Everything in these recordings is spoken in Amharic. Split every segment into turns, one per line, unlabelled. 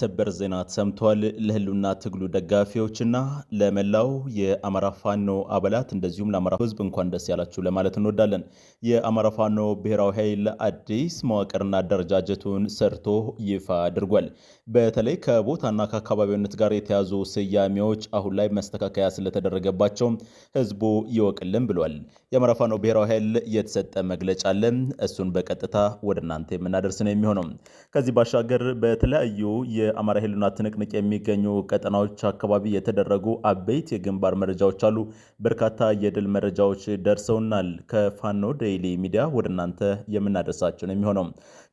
ሰበር ዜና ተሰምቷል። ለህልውና ትግሉ ደጋፊዎችና ለመላው የአማራ ፋኖ አባላት እንደዚሁም ለአማራ ህዝብ እንኳን ደስ ያላችሁ ለማለት እንወዳለን። የአማራ ፋኖ ብሔራዊ ኃይል አዲስ መዋቅርና አደረጃጀቱን ሰርቶ ይፋ አድርጓል። በተለይ ከቦታና ከአካባቢነት ጋር የተያዙ ስያሜዎች አሁን ላይ መስተካከያ ስለተደረገባቸው ህዝቡ ይወቅልን ብሏል። የአማራ ፋኖ ብሔራዊ ኃይል የተሰጠ መግለጫ አለ። እሱን በቀጥታ ወደ እናንተ የምናደርስ ነው የሚሆነው ከዚህ ባሻገር በተለያዩ የአማራ ህልና ትንቅንቅ የሚገኙ ቀጠናዎች አካባቢ የተደረጉ አበይት የግንባር መረጃዎች አሉ። በርካታ የድል መረጃዎች ደርሰውናል። ከፋኖ ዴይሊ ሚዲያ ወደ እናንተ የምናደርሳቸው ነው የሚሆነው።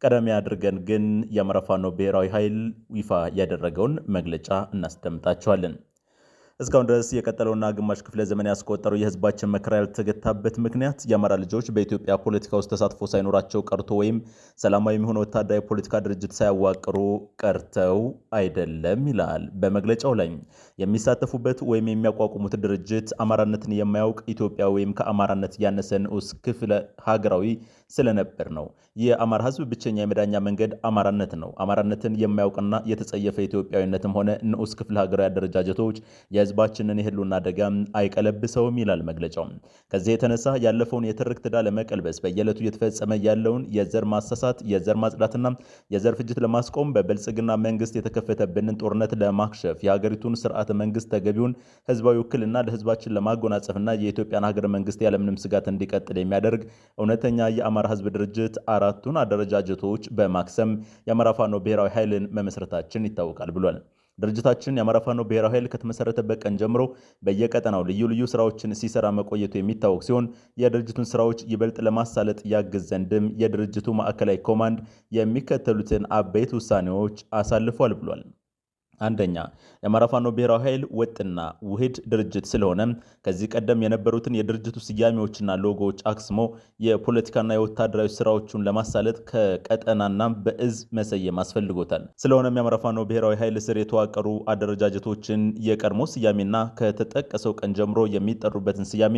ቀዳሚ አድርገን ግን የአማራ ፋኖ ብሔራዊ ኃይል ይፋ ያደረገውን መግለጫ እናስደምጣቸዋለን። እስካሁን ድረስ የቀጠለውና ግማሽ ክፍለ ዘመን ያስቆጠሩ የህዝባችን መከራ ያልተገታበት ምክንያት የአማራ ልጆች በኢትዮጵያ ፖለቲካ ውስጥ ተሳትፎ ሳይኖራቸው ቀርቶ ወይም ሰላማዊ የሚሆነ ወታደራዊ ፖለቲካ ድርጅት ሳያዋቅሩ ቀርተው አይደለም ይላል በመግለጫው ላይ። የሚሳተፉበት ወይም የሚያቋቁሙት ድርጅት አማራነትን የማያውቅ ኢትዮጵያ ወይም ከአማራነት ያነሰ ንዑስ ክፍለ ሀገራዊ ስለነበር ነው። የአማራ ህዝብ ብቸኛ የመዳኛ መንገድ አማራነት ነው። አማራነትን የማያውቅና የተጸየፈ ኢትዮጵያዊነትም ሆነ ንዑስ ክፍለ ሀገራዊ አደረጃጀቶች የህዝባችንን የህልውና አደጋ አይቀለብሰውም ይላል መግለጫው። ከዚህ የተነሳ ያለፈውን የትርክ ትዳ ለመቀልበስ በየዕለቱ እየተፈጸመ ያለውን የዘር ማሳሳት፣ የዘር ማጽዳትና የዘር ፍጅት ለማስቆም በብልጽግና መንግስት የተከፈተብንን ጦርነት ለማክሸፍ የሀገሪቱን ስርዓተ መንግስት ተገቢውን ህዝባዊ ውክልና ለህዝባችን ለማጎናጸፍና የኢትዮጵያን ሀገር መንግስት ያለምንም ስጋት እንዲቀጥል የሚያደርግ እውነተኛ የአማራ ህዝብ ድርጅት አራቱን አደረጃጀቶች በማክሰም የአማራ ፋኖ ብሔራዊ ኃይልን መመስረታችን ይታወቃል ብሏል። ድርጅታችን የአማራ ፋኖ ብሔራዊ ኃይል ከተመሰረተበት ቀን ጀምሮ በየቀጠናው ልዩ ልዩ ስራዎችን ሲሰራ መቆየቱ የሚታወቅ ሲሆን የድርጅቱን ስራዎች ይበልጥ ለማሳለጥ ያግዝ ዘንድም የድርጅቱ ማዕከላዊ ኮማንድ የሚከተሉትን አበይት ውሳኔዎች አሳልፏል ብሏል። አንደኛ የአማራ ፋኖ ብሔራዊ ኃይል ወጥና ውህድ ድርጅት ስለሆነ ከዚህ ቀደም የነበሩትን የድርጅቱ ስያሜዎችና ሎጎዎች አክስሞ የፖለቲካና የወታደራዊ ስራዎቹን ለማሳለጥ ከቀጠናና በእዝ መሰየም አስፈልጎታል። ስለሆነም የአማራ ፋኖ ብሔራዊ ኃይል ስር የተዋቀሩ አደረጃጀቶችን የቀድሞ ስያሜና ከተጠቀሰው ቀን ጀምሮ የሚጠሩበትን ስያሜ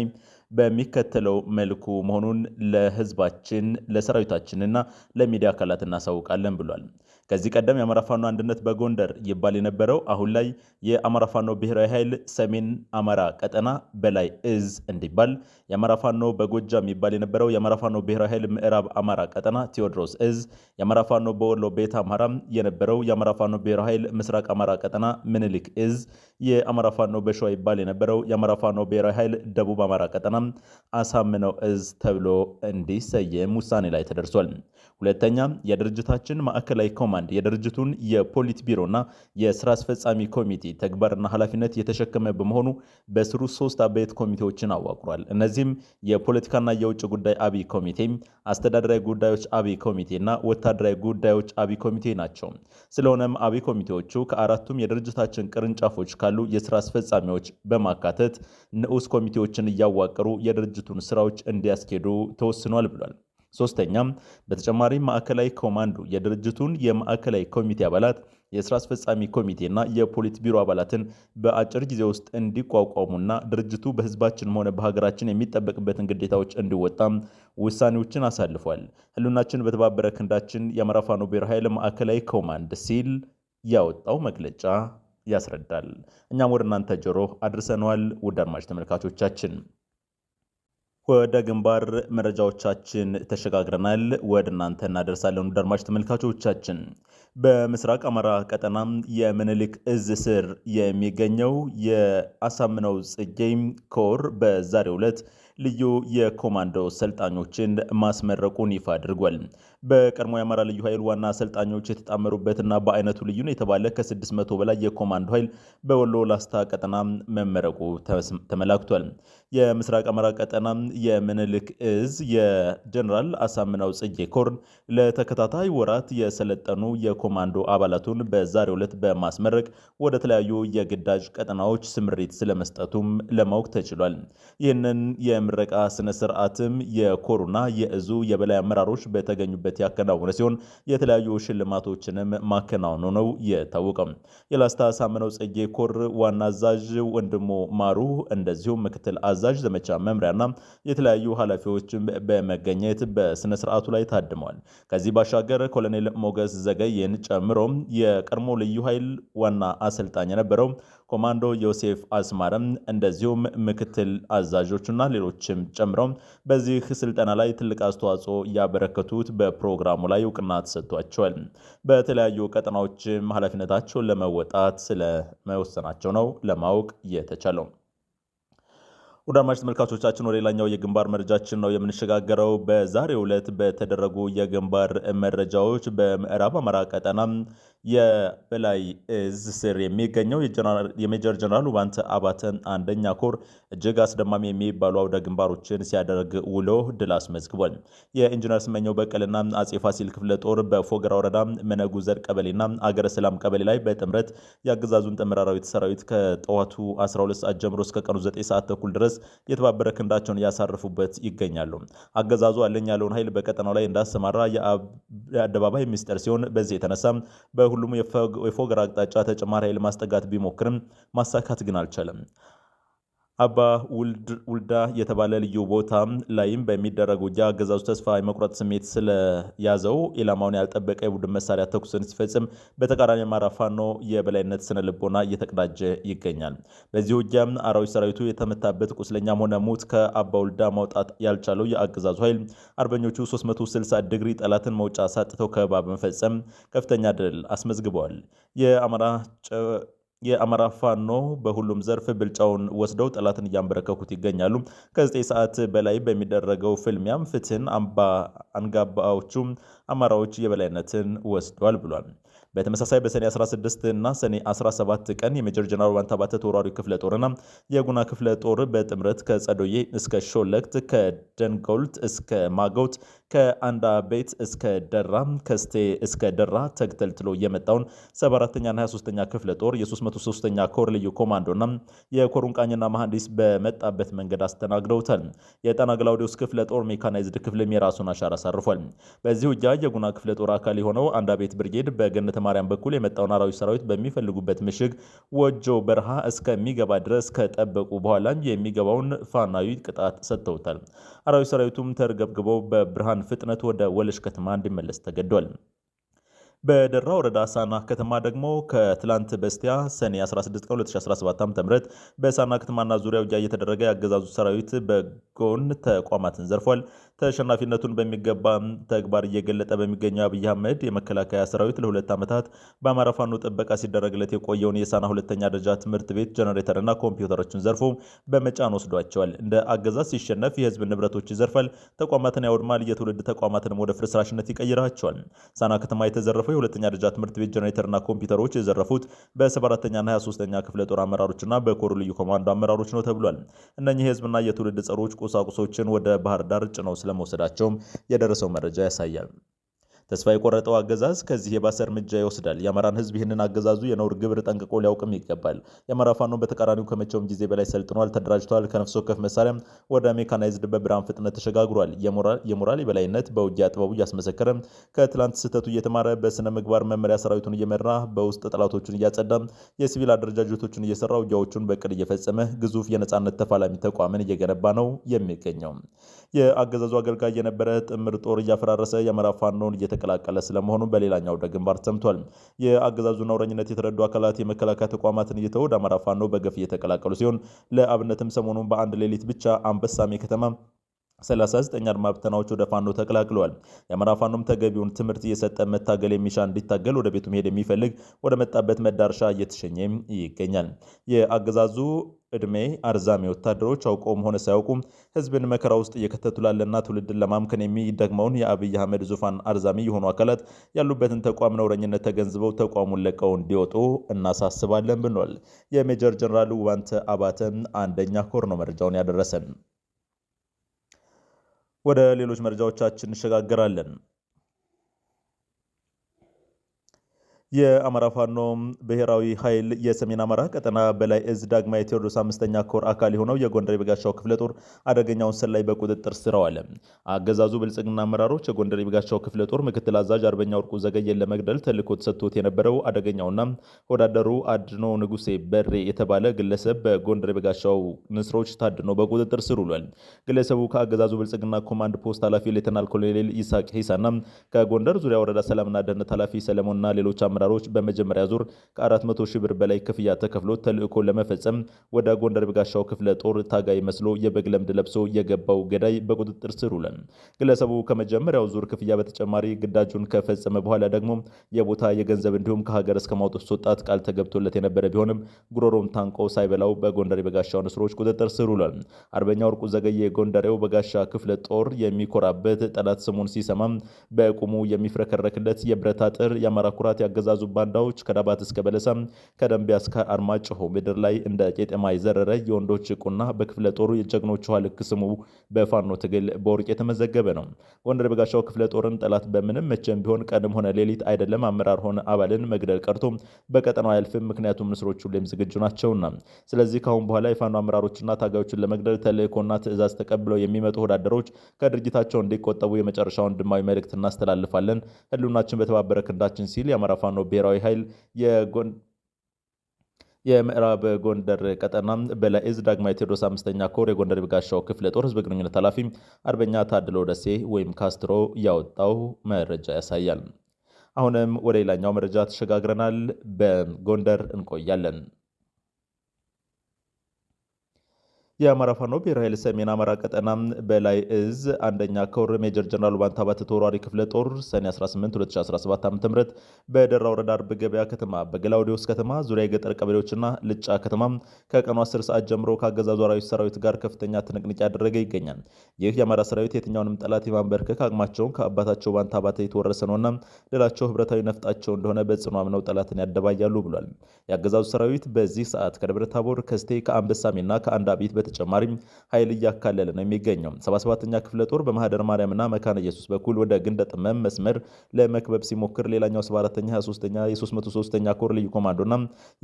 በሚከተለው መልኩ መሆኑን ለህዝባችን፣ ለሰራዊታችንና ለሚዲያ አካላት እናሳውቃለን ብሏል። ከዚህ ቀደም የአማራ ፋኖ አንድነት በጎንደር ይባል የነበረው አሁን ላይ የአማራ ፋኖ ብሔራዊ ኃይል ሰሜን አማራ ቀጠና በላይ እዝ እንዲባል፣ የአማራ ፋኖ በጎጃም ይባል የነበረው የአማራ ፋኖ ብሔራዊ ኃይል ምዕራብ አማራ ቀጠና ቴዎድሮስ እዝ፣ የአማራ ፋኖ በወሎ ቤት አማራም የነበረው የአማራ ፋኖ ብሔራዊ ኃይል ምስራቅ አማራ ቀጠና ምኒልክ እዝ የአማራ ፋኖ በሸዋ ይባል የነበረው የአማራ ፋኖ ብሔራዊ ኃይል ደቡብ አማራ ቀጠና አሳምነው እዝ ተብሎ እንዲሰየም ውሳኔ ላይ ተደርሷል። ሁለተኛ የድርጅታችን ማዕከላዊ ኮማንድ የድርጅቱን የፖሊት ቢሮና የስራ አስፈጻሚ ኮሚቴ ተግባርና ኃላፊነት የተሸከመ በመሆኑ በስሩ ሶስት አበይት ኮሚቴዎችን አዋቅሯል። እነዚህም የፖለቲካና የውጭ ጉዳይ አብይ ኮሚቴ፣ አስተዳደራዊ ጉዳዮች አብይ ኮሚቴና ወታደራዊ ጉዳዮች አብይ ኮሚቴ ናቸው። ስለሆነም አብይ ኮሚቴዎቹ ከአራቱም የድርጅታችን ቅርንጫፎች ካሉ የስራ አስፈጻሚዎች በማካተት ንዑስ ኮሚቴዎችን እያዋቀሩ የድርጅቱን ስራዎች እንዲያስኬዱ ተወስኗል ብሏል። ሶስተኛም በተጨማሪ ማዕከላዊ ኮማንዶ የድርጅቱን የማዕከላዊ ኮሚቴ አባላት የስራ አስፈጻሚ ኮሚቴና የፖሊት ቢሮ አባላትን በአጭር ጊዜ ውስጥ እንዲቋቋሙና ድርጅቱ በህዝባችን ሆነ በሀገራችን የሚጠበቅበትን ግዴታዎች እንዲወጣም ውሳኔዎችን አሳልፏል። ህሉናችን በተባበረ ክንዳችን የአማራ ፋኖ ብሔራዊ ኃይል ማዕከላዊ ኮማንድ ሲል ያወጣው መግለጫ ያስረዳል። እኛም ወደ እናንተ ጆሮ አድርሰነዋል። ውድ አድማጭ ተመልካቾቻችን ወደ ግንባር መረጃዎቻችን ተሸጋግረናል። ወደ እናንተ እናደርሳለን። ውድ አድማጭ ተመልካቾቻችን በምስራቅ አማራ ቀጠና የምኒልክ እዝ ስር የሚገኘው የአሳምነው ጽጌ ኮር በዛሬው ዕለት ልዩ የኮማንዶ ሰልጣኞችን ማስመረቁን ይፋ አድርጓል። በቀድሞ የአማራ ልዩ ኃይል ዋና አሰልጣኞች የተጣመሩበትና በአይነቱ ልዩ ነው የተባለ ከ600 በላይ የኮማንዶ ኃይል በወሎ ላስታ ቀጠና መመረቁ ተመላክቷል። የምስራቅ አማራ ቀጠና የምንልክ እዝ የጀኔራል አሳምናው ጽጌ ኮርን ለተከታታይ ወራት የሰለጠኑ የኮማንዶ አባላቱን በዛሬው ዕለት በማስመረቅ ወደ ተለያዩ የግዳጅ ቀጠናዎች ስምሪት ስለመስጠቱም ለማወቅ ተችሏል። ይህንን የምረቃ ስነ ስርዓትም የኮሩና የእዙ የበላይ አመራሮች በተገኙበት በተገኘበት ያከናወነ ሲሆን የተለያዩ ሽልማቶችንም ማከናወኑ ነው የታወቀው። የላስታ ሳምነው ጽጌ ኮር ዋና አዛዥ ወንድሞ ማሩ፣ እንደዚሁም ምክትል አዛዥ ዘመቻ መምሪያና የተለያዩ ኃላፊዎችም በመገኘት በስነስርዓቱ ላይ ታድመዋል። ከዚህ ባሻገር ኮሎኔል ሞገስ ዘገይን ጨምሮ የቀድሞ ልዩ ኃይል ዋና አሰልጣኝ የነበረው ኮማንዶ ዮሴፍ አስማረም እንደዚሁም ምክትል አዛዦቹና ሌሎችም ጨምረው በዚህ ስልጠና ላይ ትልቅ አስተዋጽኦ ያበረከቱት በፕሮግራሙ ላይ እውቅና ተሰጥቷቸዋል። በተለያዩ ቀጠናዎችም ኃላፊነታቸውን ለመወጣት ስለመወሰናቸው ነው ለማወቅ የተቻለው። ውዳማሽ ተመልካቾቻችን ወደ ሌላኛው የግንባር መረጃችን ነው የምንሸጋገረው። በዛሬው ዕለት በተደረጉ የግንባር መረጃዎች በምዕራብ አማራ ቀጠና የበላይ እዝ ስር የሚገኘው የሜጀር ጀነራል ውባንተ አባተ አንደኛ ኮር እጅግ አስደማሚ የሚባሉ አውደ ግንባሮችን ሲያደርግ ውሎ ድል አስመዝግቧል። የኢንጂነር ስመኘው በቀልና አጼ ፋሲል ክፍለ ጦር በፎገራ ወረዳ መነጉዘር ቀበሌና አገረ ሰላም ቀበሌ ላይ በጥምረት የአገዛዙን ጥምር ሰራዊት ከጠዋቱ 12 ሰዓት ጀምሮ እስከ ቀኑ 9 ሰዓት ተኩል ድረስ የተባበረ ክንዳቸውን እያሳረፉበት ይገኛሉ። አገዛዙ አለኝ ያለውን ኃይል በቀጠናው ላይ እንዳሰማራ የአደባባይ ሚስጥር ሲሆን በዚህ የተነሳ በሁሉም የፎገራ አቅጣጫ ተጨማሪ ኃይል ማስጠጋት ቢሞክርም ማሳካት ግን አልቻለም። አባ ውልዳ የተባለ ልዩ ቦታ ላይም በሚደረግ ውጊያ አገዛዙ ተስፋ የመቁረጥ ስሜት ስለያዘው ኢላማውን ያልጠበቀ የቡድን መሳሪያ ተኩስን ሲፈጽም፣ በተቃራኒ አማራ ፋኖ የበላይነት ስነ ልቦና እየተቀዳጀ ይገኛል። በዚህ ውጊያም አራዊት ሰራዊቱ የተመታበት ቁስለኛም ሆነ ሙት ከአባ ውልዳ ማውጣት ያልቻለው የአገዛዙ ኃይል አርበኞቹ 360 ዲግሪ ጠላትን መውጫ ሳጥተው ከበባ በመፈጸም ከፍተኛ ድል አስመዝግበዋል። የአማራ የአማራ ፋኖ በሁሉም ዘርፍ ብልጫውን ወስደው ጠላትን እያንበረከኩት ይገኛሉ። ከዘጠኝ ሰዓት በላይ በሚደረገው ፍልሚያም ፍትህን አንጋባዎቹ አማራዎች የበላይነትን ወስዷል ብሏል። በተመሳሳይ በሰኔ 16 እና ሰኔ 17 ቀን የሜጀር ጀነራል ዋንታባተ ተወራሪ ክፍለ ጦርና የጉና ክፍለ ጦር በጥምረት ከጸዶዬ እስከ ሾለክት ከደንጎልት እስከ ማጎት ከአንዳ ቤት እስከ ደራ ከስቴ እስከ ደራ ተግተልትሎ የመጣውን 74ኛና 23ኛ ክፍለ ጦር የ303ኛ ኮር ልዩ ኮማንዶና የኮሩን ቃኝና መሐንዲስ በመጣበት መንገድ አስተናግደውታል። የጣና ግላውዲዮስ ክፍለ ጦር ሜካናይዝድ ክፍልም የራሱን አሻራ አሳርፏል። በዚህ ውጊያ የጉና ክፍለ ጦር አካል የሆነው አንድ አቤት ብርጌድ በገነተ ማርያም በኩል የመጣውን አራዊት ሰራዊት በሚፈልጉበት ምሽግ ወጆ በረሃ እስከሚገባ ድረስ ከጠበቁ በኋላ የሚገባውን ፋናዊ ቅጣት ሰጥተውታል። አራዊት ሰራዊቱም ተርገብግበው በብርሃን ፍጥነት ወደ ወለሽ ከተማ እንዲመለስ ተገዷል። በደራ ወረዳ ሳና ከተማ ደግሞ ከትላንት በስቲያ ሰኔ 16 ቀን 2017 ዓ.ም በሳና ከተማና ዙሪያ ውጊያ እየተደረገ የአገዛዙ ሰራዊት በጎን ተቋማትን ዘርፏል። ተሸናፊነቱን በሚገባ ተግባር እየገለጠ በሚገኘው አብይ አህመድ የመከላከያ ሰራዊት ለሁለት ዓመታት በአማራ ፋኖ ጥበቃ ሲደረግለት የቆየውን የሳና ሁለተኛ ደረጃ ትምህርት ቤት ጀኔሬተርና ኮምፒውተሮችን ዘርፎ በመጫን ወስዷቸዋል። እንደ አገዛዝ ሲሸነፍ የህዝብ ንብረቶች ይዘርፋል፣ ተቋማትን ያወድማል፣ የትውልድ ተቋማትንም ወደ ፍርስራሽነት ይቀይራቸዋል። ሳና ከተማ የተዘረፈ ባለፈው የሁለተኛ ደረጃ ትምህርት ቤት ጀኔሬተርና ኮምፒውተሮች የዘረፉት በ74ተኛና 23 ኛ ክፍለ ጦር አመራሮችና በኮሩ ልዩ ኮማንዶ አመራሮች ነው ተብሏል። እነኚህ የህዝብና የትውልድ ጸሮች ቁሳቁሶችን ወደ ባህር ዳር ጭነው ስለመውሰዳቸውም የደረሰው መረጃ ያሳያል። ተስፋ የቆረጠው አገዛዝ ከዚህ የባሰ እርምጃ ይወስዳል። የአማራን ህዝብ ይህንን አገዛዙ የነውር ግብር ጠንቅቆ ሊያውቅም ይገባል። የአማራ ፋኖ በተቃራኒው ከመቼውም ጊዜ በላይ ሰልጥኗል፣ ተደራጅቷል። ከነፍስ ወከፍ መሳሪያ ወደ ሜካናይዝድ በብርሃን ፍጥነት ተሸጋግሯል። የሞራል የበላይነት በውጊያ ጥበቡ እያስመሰከረ ከትላንት ስህተቱ እየተማረ በስነ ምግባር መመሪያ ሰራዊቱን እየመራ በውስጥ ጠላቶቹን እያጸዳ የሲቪል አደረጃጀቶችን እየሰራ ውጊያዎቹን በቅድ እየፈጸመ ግዙፍ የነጻነት ተፋላሚ ተቋምን እየገነባ ነው የሚገኘው። የአገዛዙ አገልጋይ የነበረ ጥምር ጦር እያፈራረሰ የአማራ ፋኖን እየተ የተቀላቀለ ስለመሆኑ በሌላኛው ግንባር ተሰምቷል። የአገዛዙ ነውረኝነት የተረዱ አካላት የመከላከያ ተቋማትን እየተው ወደ አማራ ፋኖ በገፍ እየተቀላቀሉ ሲሆን ለአብነትም ሰሞኑን በአንድ ሌሊት ብቻ አንበሳሜ ከተማ 39 አድማ ብተናዎች ወደ ፋኖ ተቀላቅለዋል። የአማራ ፋኖም ተገቢውን ትምህርት እየሰጠ መታገል የሚሻ እንዲታገል ወደ ቤቱ መሄድ የሚፈልግ ወደ መጣበት መዳረሻ እየተሸኘ ይገኛል። የአገዛዙ እድሜ አርዛሚ ወታደሮች አውቀውም ሆነ ሳያውቁም ህዝብን መከራ ውስጥ እየከተቱ ላለና ትውልድን ለማምከን የሚደግመውን የአብይ አህመድ ዙፋን አርዛሚ የሆኑ አካላት ያሉበትን ተቋም ነውረኝነት ተገንዝበው ተቋሙን ለቀው እንዲወጡ እናሳስባለን ብሏል። የሜጀር ጀነራል ውባንተ አባተ አንደኛ ኮር ነው መረጃውን ያደረሰን። ወደ ሌሎች መረጃዎቻችን እንሸጋገራለን። የአማራ ፋኖ ብሔራዊ ኃይል የሰሜን አማራ ቀጠና በላይ እዝ ዳግማዊ ቴዎድሮስ አምስተኛ ኮር አካል የሆነው የጎንደር የበጋሻው ክፍለ ጦር አደገኛውን ሰላይ በቁጥጥር ስር አዋለ። አገዛዙ ብልጽግና አመራሮች የጎንደር የበጋሻው ክፍለ ጦር ምክትል አዛዥ አርበኛ ወርቁ ዘገየን ለመግደል ተልዕኮ ተሰጥቶት የነበረው አደገኛውና ወዳደሩ አድኖ ንጉሴ በሬ የተባለ ግለሰብ በጎንደር የበጋሻው ንስሮች ታድኖ በቁጥጥር ስር ውሏል። ግለሰቡ ከአገዛዙ ብልጽግና ኮማንድ ፖስት ኃላፊ ሌተናል ኮሎኔል ይስሐቅ ሂሳና ከጎንደር ዙሪያ ወረዳ ሰላምና ደህንነት ኃላፊ ሰለሞንና ሌሎች አመራሮች በመጀመሪያ ዙር ከ400 ሺህ ብር በላይ ክፍያ ተከፍሎ ተልዕኮ ለመፈጸም ወደ ጎንደር በጋሻው ክፍለ ጦር ታጋይ መስሎ የበግ ለምድ ለብሶ የገባው ገዳይ በቁጥጥር ስር ውሏል። ግለሰቡ ከመጀመሪያው ዙር ክፍያ በተጨማሪ ግዳጁን ከፈጸመ በኋላ ደግሞ የቦታ የገንዘብ እንዲሁም ከሀገር እስከ ማውጣት ስወጣት ቃል ተገብቶለት የነበረ ቢሆንም ጉሮሮም ታንቆ ሳይበላው በጎንደር የበጋሻው ንስሮች ቁጥጥር ስር ውሏል። አርበኛ ወርቁ ዘገየ ጎንደሬው በጋሻ ክፍለ ጦር የሚኮራበት ጠላት ስሙን ሲሰማም በቁሙ የሚፍረከረክለት የብረት አጥር የአማራ ኩራት ያገዛ የአገዛዙ ባንዳዎች ከዳባት እስከ በለሳ ከደንቢያ እስከ አርማጭሆ ምድር ላይ እንደ ቄጠማ ይዘረረ የወንዶች ቁና በክፍለ ጦሩ የጀግኖቹ ልክ ስሙ በፋኖ ትግል በወርቅ የተመዘገበ ነው። ጎንደር በጋሻው ክፍለ ጦርን ጠላት በምንም መቼም ቢሆን ቀንም ሆነ ሌሊት አይደለም አመራር ሆነ አባልን መግደል ቀርቶ በቀጠናው አያልፍም። ምክንያቱም ንስሮቹ ሁሌም ዝግጁ ናቸውና። ስለዚህ ከአሁን በኋላ የፋኖ አመራሮችና ታጋዮችን ለመግደል ተልእኮና ትእዛዝ ተቀብለው የሚመጡ ወዳደሮች ከድርጊታቸው እንዲቆጠቡ የመጨረሻውን ድማዊ መልእክት እናስተላልፋለን። ህልውናችን በተባበረ ክንዳችን ሲል የአማራ ፋኖ የፋኖ ብሔራዊ ኃይል የምዕራብ ጎንደር ቀጠና በላይዝ ዳግማዊ ቴዎድሮስ አምስተኛ ኮር የጎንደር ቢጋሻው ክፍለ ጦር ህዝብ ግንኙነት ኃላፊ አርበኛ ታድለው ደሴ ወይም ካስትሮ ያወጣው መረጃ ያሳያል። አሁንም ወደ ሌላኛው መረጃ ተሸጋግረናል። በጎንደር እንቆያለን። የአማራ ፋኖ ብሔራዊ ኃይል ሰሜን አማራ ቀጠና በላይ እዝ አንደኛ ኮር ሜጀር ጀነራል ባንታባት ተወራሪ ክፍለ ጦር ሰኔ 18 2017 ም በደራ ወረዳ አርብ ገበያ ከተማ በገላውዲዮስ ከተማ ዙሪያ የገጠር ቀበሌዎችና ልጫ ከተማ ከቀኑ 10 ሰዓት ጀምሮ ከአገዛዙ አራዊት ሰራዊት ጋር ከፍተኛ ትንቅንቅ ያደረገ ይገኛል። ይህ የአማራ ሰራዊት የትኛውንም ጠላት የማንበርከክ አቅማቸውን ከአባታቸው ባንታባት የተወረሰ ነውና ሌላቸው ህብረታዊ ነፍጣቸው እንደሆነ በጽኑ አምነው ጠላትን ያደባያሉ ብሏል። የአገዛዙ ሰራዊት በዚህ ሰዓት ከደብረ ታቦር ከስቴ ከአንበሳሜና ከአንድ አብይት በተጨማሪም ኃይል እያካለለ ነው የሚገኘው። 77ኛ ክፍለ ጦር በማህደር ማርያምና መካነ ኢየሱስ በኩል ወደ ግንደ ጥመም መስመር ለመክበብ ሲሞክር ሌላኛው 74ኛ 23ኛ የ303ኛ ኮር ልዩ ኮማንዶና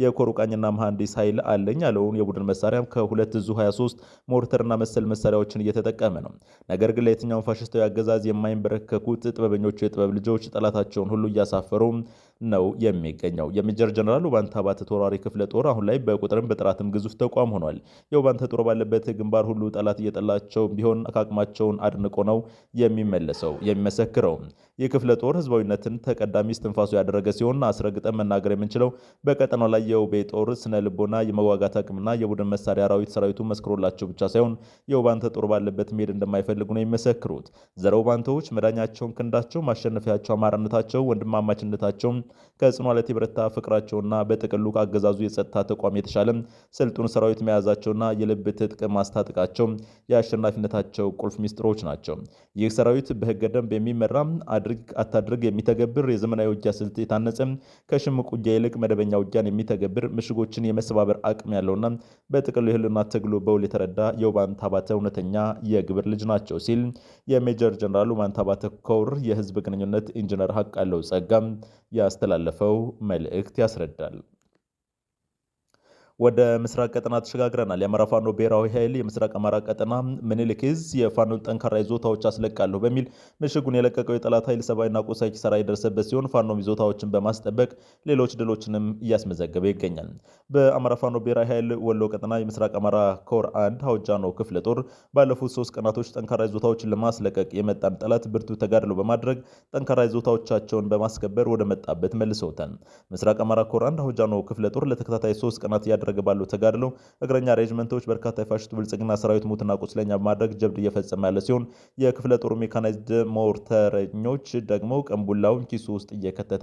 የኮሩ ቃኝና መሐንዲስ ኃይል አለኝ ያለውን የቡድን መሳሪያ ከሁለት ዙ 23 ሞርተርና መሰል መሳሪያዎችን እየተጠቀመ ነው። ነገር ግን ለየትኛውን ፋሽስታዊ አገዛዝ የማይንበረከኩት ጥበበኞቹ የጥበብ ልጆች ጠላታቸውን ሁሉ እያሳፈሩ ነው የሚገኘው። የሜጀር ጀነራል ውባንተ ባተ ተወራሪ ክፍለ ጦር አሁን ላይ በቁጥርም በጥራትም ግዙፍ ተቋም ሆኗል። የውባንተ ጦር ባለበት ግንባር ሁሉ ጠላት እየጠላቸው ቢሆን አቃቅማቸውን አድንቆ ነው የሚመለሰው የሚመሰክረው። ይህ ክፍለ ጦር ህዝባዊነትን ተቀዳሚ እስትንፋሱ ያደረገ ሲሆን አስረግጠን መናገር የምንችለው በቀጠናው ላይ የውቤ ጦር ስነ ልቦና፣ የመዋጋት አቅምና የቡድን መሳሪያ አራዊት ሰራዊቱ መስክሮላቸው ብቻ ሳይሆን የውባንተ ጦር ባለበት መሄድ እንደማይፈልጉ ነው የሚመሰክሩት። ዘረ ውባንተዎች መዳኛቸውን ክንዳቸው፣ ማሸነፊያቸው አማራነታቸው፣ ወንድማማችነታቸው ከጽኑ ዓለት የበረታ ፍቅራቸውና በጥቅሉ ከአገዛዙ የጸጥታ ተቋም የተሻለ ስልጡን ሰራዊት መያዛቸውና የልብ ትጥቅ ማስታጠቃቸው የአሸናፊነታቸው ቁልፍ ሚስጥሮች ናቸው። ይህ ሰራዊት በህገ ደንብ የሚመራ አድርግ አታድርግ የሚተገብር የዘመናዊ ውጊያ ስልት የታነጸ ከሽምቅ ውጊያ ይልቅ መደበኛ ውጊያን የሚተገብር ምሽጎችን የመሰባበር አቅም ያለውና በጥቅሉ የህልና ትግሉ በውል የተረዳ የውባንታ ባተ እውነተኛ የግብር ልጅ ናቸው ሲል የሜጀር ጀነራል ውባንታ ባተ ኮር የህዝብ ግንኙነት ኢንጂነር ሀቅ አለው ጸጋም ያስተላለፈው መልእክት ያስረዳል። ወደ ምስራቅ ቀጠና ተሸጋግረናል። የአማራ ፋኖ ብሔራዊ ኃይል የምስራቅ አማራ ቀጠና ምኒልክ የፋኖ የፋኖን ጠንካራ ይዞታዎች አስለቃለሁ በሚል ምሽጉን የለቀቀው የጠላት ኃይል ሰብአዊና ቁሳዊ ኪሳራ የደረሰበት ሲሆን ፋኖም ይዞታዎችን በማስጠበቅ ሌሎች ድሎችንም እያስመዘገበ ይገኛል። በአማራ ፋኖ ብሔራዊ ኃይል ወሎ ቀጠና የምስራቅ አማራ ኮር አንድ ሀውጃኖ ክፍለ ጦር ባለፉት ሶስት ቀናቶች ጠንካራ ይዞታዎችን ለማስለቀቅ የመጣን ጠላት ብርቱ ተጋድሎ በማድረግ ጠንካራ ይዞታዎቻቸውን በማስከበር ወደ መጣበት መልሰውታል። ምስራቅ አማራ ኮር አንድ ሀውጃኖ ክፍለ ጦር ለተከታታይ ሶስት ቀናት እያደረገ ባለው ተጋድሎ እግረኛ ሬጅመንቶች በርካታ የፋሽስቱ ብልጽግና ሰራዊት ሙትና ቁስለኛ በማድረግ ጀብድ እየፈጸመ ያለ ሲሆን የክፍለ ጦሩ ሜካናይዝድ ሞርተረኞች ደግሞ ቀንቡላውን ኪሱ ውስጥ እየከተተ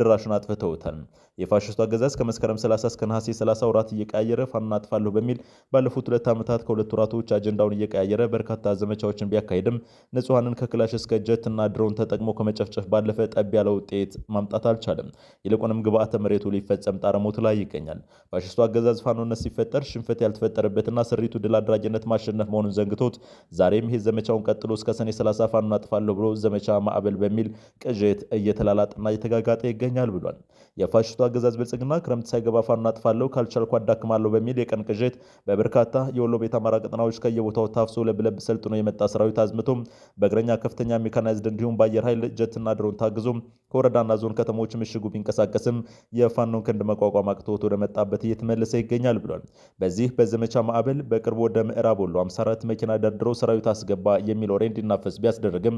ድራሹን አጥፍተውታል። የፋሽስቱ አገዛዝ ከመስከረም 30 እስከ ነሐሴ 30 ወራት እየቀያየረ ፋኖን አጥፋለሁ በሚል ባለፉት ሁለት ዓመታት ከሁለት ወራቶች አጀንዳውን እየቀያየረ በርካታ ዘመቻዎችን ቢያካሄድም ንጹሐንን ከክላሽ እስከ ጀት እና ድሮን ተጠቅሞ ከመጨፍጨፍ ባለፈ ጠብ ያለ ውጤት ማምጣት አልቻለም። ይልቁንም ግብአተ መሬቱ ሊፈጸም ጣረሞት ላይ ይገኛል። ፋሽስቱ አገዛዝ ፋኖነት ሲፈጠር ሽንፈት ያልተፈጠረበትና ስሪቱ ድል አድራጊነት ማሸነፍ መሆኑን ዘንግቶት ዛሬም ይሄ ዘመቻውን ቀጥሎ እስከ ሰኔ 30 ፋኖን አጥፋለሁ ብሎ ዘመቻ ማዕበል በሚል ቅዠት እየተላላጠና እየተጋጋጠ ይገኛል ብሏል። የፋሽስቱ አገዛዝ ብልጽግና ክረምት ሳይገባ ፋኖ አጥፋለሁ ካልቻልኩ አዳክማለሁ በሚል የቀን ቅዠት በበርካታ የወሎ ቤት አማራ ቀጠናዎች ከየቦታው ታፍሶ ለብለብ ሰልጥኖ የመጣ ሰራዊት አዝምቶ በእግረኛ ከፍተኛ ሜካናይዝድ እንዲሁም በአየር ኃይል ጀትና ድሮን ታግዞ ከወረዳና ዞን ከተሞች ምሽጉ ቢንቀሳቀስም የፋኖን ክንድ መቋቋም አቅቶት ወደ መጣበት እየተመለሰ ይገኛል ብሏል። በዚህ በዘመቻ ማዕበል በቅርቡ ወደ ምዕራብ ወሎ 54 መኪና ደርድሮ ሰራዊት አስገባ የሚል ወሬ እንዲናፈስ ቢያስደረግም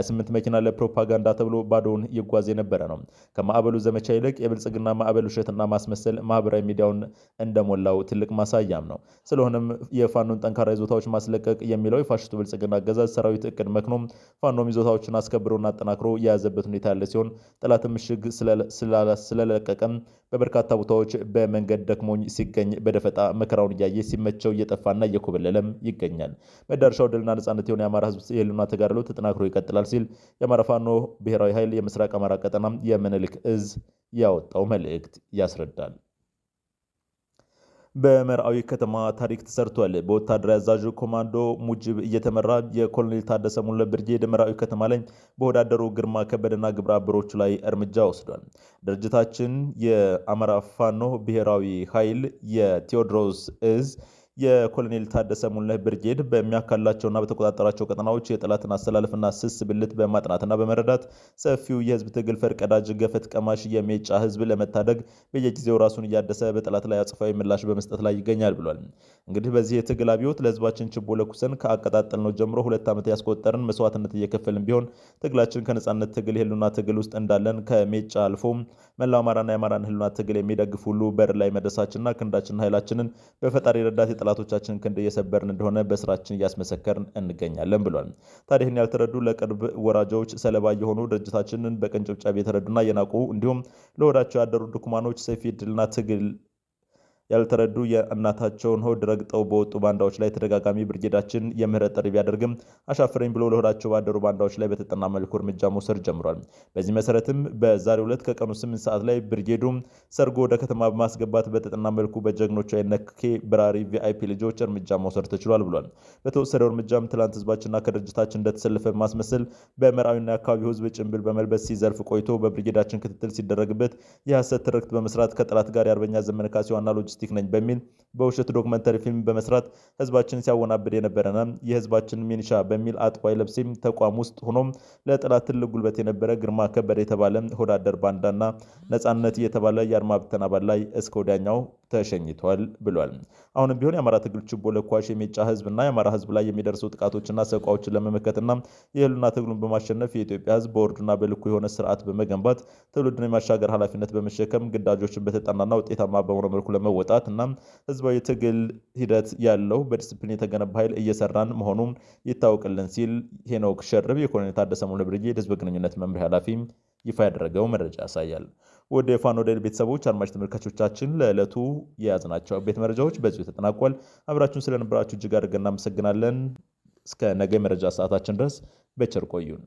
28 መኪና ለፕሮፓጋንዳ ተብሎ ባዶውን ይጓዝ የነበረ ነው። ከማዕበሉ ዘመቻ ይልቅ የብልጽግና ውሸትና ማዕበል ውሸትና ማስመሰል ማህበራዊ ሚዲያውን እንደሞላው ትልቅ ማሳያም ነው። ስለሆነም የፋኖን ጠንካራ ይዞታዎች ማስለቀቅ የሚለው የፋሽስቱ ብልጽግና አገዛዝ ሰራዊት እቅድ መክኖም ፋኖም ይዞታዎችን አስከብሮና አጠናክሮ የያዘበት ሁኔታ ያለ ሲሆን ጠላትም ምሽግ ስለለቀቀም በበርካታ ቦታዎች በመንገድ ደክሞኝ ሲገኝ በደፈጣ መከራውን እያየ ሲመቸው እየጠፋና እየኮበለለም ይገኛል። መዳረሻው ድልና ነጻነት የሆነ የአማራ ህዝብ የህልውና ተጋድሎ ተጠናክሮ ይቀጥላል ሲል የአማራ ፋኖ ብሔራዊ ኃይል የምስራቅ አማራ ቀጠና የምኒልክ እዝ ያወጣው መልእክት ያስረዳል። በመርአዊ ከተማ ታሪክ ተሰርቷል። በወታደራዊ አዛዡ ኮማንዶ ሙጅብ እየተመራ የኮሎኔል ታደሰ ሙለ ብርጌድ መርአዊ ከተማ ላይ በወዳደሩ ግርማ ከበደና ግብረ አበሮቹ ላይ እርምጃ ወስዷል። ድርጅታችን የአማራ ፋኖ ብሔራዊ ኃይል የቴዎድሮስ እዝ የኮሎኔል ታደሰ ሙሉነህ ብርጌድ በሚያካላቸውና በተቆጣጠራቸው ቀጠናዎች የጠላትን አሰላለፍና ስስ ብልት በማጥናትና በመረዳት ሰፊው የህዝብ ትግል ፈርቀዳጅ ገፈት ቀማሽ የሜጫ ህዝብ ለመታደግ በየጊዜው ራሱን እያደሰ በጠላት ላይ አጽፋዊ ምላሽ በመስጠት ላይ ይገኛል ብሏል። እንግዲህ በዚህ የትግል አብዮት ለህዝባችን ችቦ ለኩሰን ከአቀጣጠል ነው ጀምሮ ሁለት ዓመት ያስቆጠርን መስዋዕትነት እየከፈልን ቢሆን ትግላችን ከነጻነት ትግል የህሉና ትግል ውስጥ እንዳለን ከሜጫ አልፎ መላው አማራና የአማራን ህሉና ትግል የሚደግፍ ሁሉ በር ላይ መድረሳችንና ክንዳችንና ኃይላችንን በፈጣሪ ረዳት የጠላቶቻችን ክንድ እየሰበርን እንደሆነ በስራችን እያስመሰከርን እንገኛለን ብሏል። ታዲህን ያልተረዱ ለቅርብ ወራጃዎች ሰለባ የሆኑ ድርጅታችንን በቅንጭብጫብ የተረዱና የናቁ እንዲሁም ለወዳቸው ያደሩ ድኩማኖች ሰፊ ድልና ትግል ያልተረዱ የእናታቸውን ሆድ ረግጠው በወጡ ባንዳዎች ላይ ተደጋጋሚ ብርጌዳችን የምህረት ጥሪ ቢያደርግም አሻፍረኝ ብሎ ለሆዳቸው ባደሩ ባንዳዎች ላይ በተጠና መልኩ እርምጃ መውሰድ ጀምሯል። በዚህ መሰረትም በዛሬ ሁለት ከቀኑ ስምንት ሰዓት ላይ ብርጌዱ ሰርጎ ወደ ከተማ በማስገባት በተጠና መልኩ በጀግኖቹ አይነኬ ብራሪ ቪአይፒ ልጆች እርምጃ መውሰድ ተችሏል ብሏል። በተወሰደው እርምጃም ትላንት ህዝባችንና ከድርጅታችን እንደተሰለፈ ማስመስል በምዕራዊና የአካባቢው ህዝብ ጭንብል በመልበስ ሲዘርፍ ቆይቶ በብርጌዳችን ክትትል ሲደረግበት የሐሰት ትርክት በመስራት ከጠላት ጋር የአርበኛ ዘመነ ካሴ ዋና ሎጂስቲክ ነኝ በሚል በውሸት ዶክመንተሪ ፊልም በመስራት ህዝባችን ሲያወናብድ የነበረና የህዝባችን ሚኒሻ በሚል አጥቋይ ለብሴ ተቋም ውስጥ ሆኖም ለጠላት ትልቅ ጉልበት የነበረ ግርማ ከበደ የተባለ ሆዳደር ባንዳና ነጻነት የተባለ የአድማ ብተና አባል ላይ እስከ ወዲያኛው ተሸኝቷል ብሏል። አሁንም ቢሆን የአማራ ትግል ችቦ ለኳሽ የሚጫ ህዝብና የአማራ ህዝብ ላይ የሚደርሱ ጥቃቶችና ሰቋዎችን ለመመከትና የህሉና ትግሉን በማሸነፍ የኢትዮጵያ ህዝብ በወርዱና በልኩ የሆነ ስርዓት በመገንባት ትውልድን የማሻገር ኃላፊነት በመሸከም ግዳጆችን በተጠናና ውጤታማ በሆነ መልኩ ለመወጣት ለመውጣት እናም ህዝባዊ ትግል ሂደት ያለው በዲስፕሊን የተገነባ ኃይል እየሰራን መሆኑም ይታወቅልን ሲል ሄኖክ ሸርብ የኮሎኔል ታደሰ ሙሉ ብርጌ የህዝብ ግንኙነት መምሪያ ኃላፊ ይፋ ያደረገው መረጃ ያሳያል። ወደ ፋኖ ደል ቤተሰቦች አድማጭ ተመልካቾቻችን ለዕለቱ የያዝናቸው አቤት መረጃዎች በዚሁ ተጠናቋል። አብራችሁን ስለነበራችሁ እጅግ አድርገን እናመሰግናለን። እስከ ነገ መረጃ ሰዓታችን ድረስ በቸር ቆዩን።